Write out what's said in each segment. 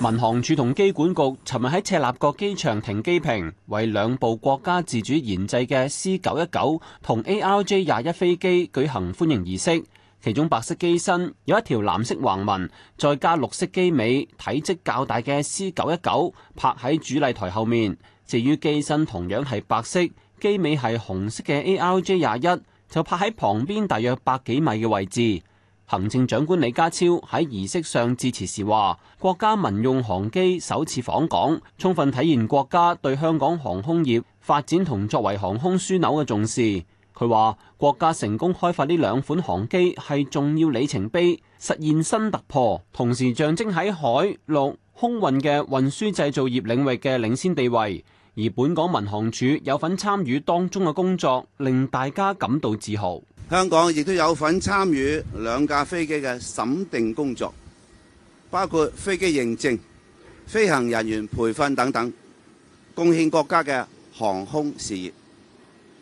民航處同機管局尋日喺赤鱲角機場停機坪為兩部國家自主研製嘅 C 九一九同 ARJ 廿一飛機舉行歡迎儀式，其中白色機身有一條藍色橫紋，再加綠色機尾，體積較大嘅 C 九一九泊喺主禮台後面；至於機身同樣係白色、機尾係紅色嘅 ARJ 廿一就泊喺旁邊大約百幾米嘅位置。行政長官李家超喺儀式上致辭時話，國家民用航機首次訪港，充分體現國家對香港航空業發展同作為航空樞紐嘅重視。佢話國家成功開發呢兩款航機係重要里程碑，實現新突破，同時象徵喺海陸空運嘅運輸製造業領域嘅領先地位。而本港民航處有份參與當中嘅工作，令大家感到自豪。香港亦都有份參與兩架飛機嘅審定工作，包括飛機認證、飛行人員培訓等等，貢獻國家嘅航空事業。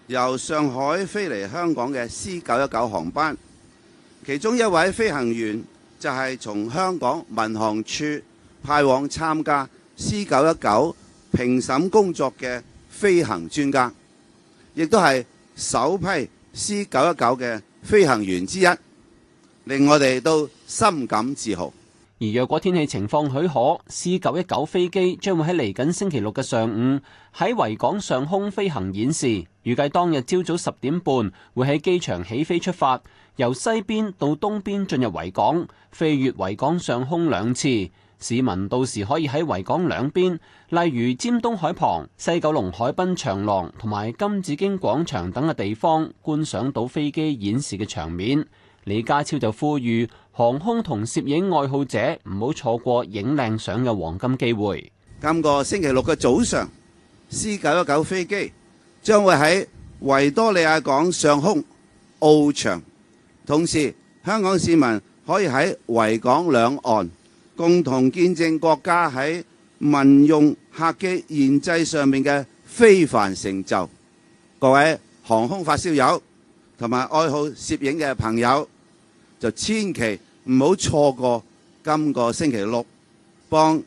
由上海飛嚟香港嘅 C 九一九航班，其中一位飛行員就係從香港民航處派往參加 C 九一九評審工作嘅飛行專家，亦都係首批。C 九一九嘅飛行員之一，令我哋都深感自豪。而若果天氣情況許可，C 九一九飛機將會喺嚟緊星期六嘅上午喺維港上空飛行演示。預計當日朝早十點半會喺機場起飛出發，由西邊到東邊進入維港，飛越維港上空兩次。市民到時可以喺維港兩邊，例如尖東海旁、西九龍海濱長廊同埋金紫荊廣場等嘅地方觀賞到飛機演示嘅場面。李家超就呼籲航空同攝影愛好者唔好錯過影靚相嘅黃金機會。今個星期六嘅早上，C 九一九飛機將會喺維多利亞港上空翱翔，同時香港市民可以喺維港兩岸，共同見證國家喺民用客機研製上面嘅非凡成就，各位航空發燒友同埋愛好攝影嘅朋友，就千祈唔好錯過今個星期六幫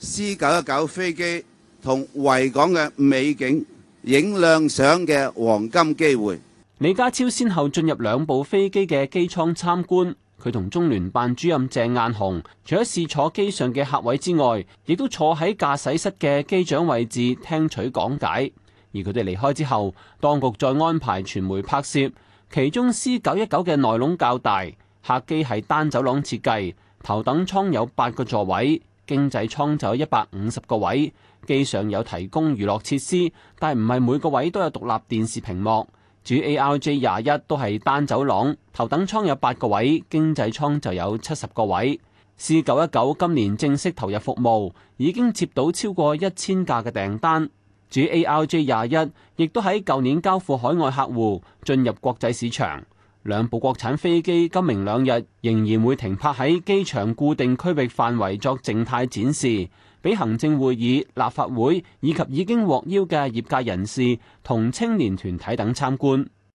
C919 飛機同維港嘅美景影靚相嘅黃金機會。李家超先後進入兩部飛機嘅機艙參觀。佢同中聯辦主任鄭雁雄，除咗試坐機上嘅客位之外，亦都坐喺駕駛室嘅機長位置聽取講解。而佢哋離開之後，當局再安排傳媒拍攝。其中 C 九一九嘅內籠較大，客機係單走廊設計，頭等艙有八個座位，經濟艙就有一百五十個位。機上有提供娛樂設施，但唔係每個位都有獨立電視屏幕。主 ARJ 廿一都係單走廊，頭等艙有八個位，經濟艙就有七十個位。C 九一九今年正式投入服務，已經接到超過一千架嘅訂單，主 ARJ 廿一亦都喺舊年交付海外客戶，進入國際市場。兩部國產飛機今明兩日仍然會停泊喺機場固定區域範圍作靜態展示，俾行政會議、立法會以及已經獲邀嘅業界人士同青年團體等參觀。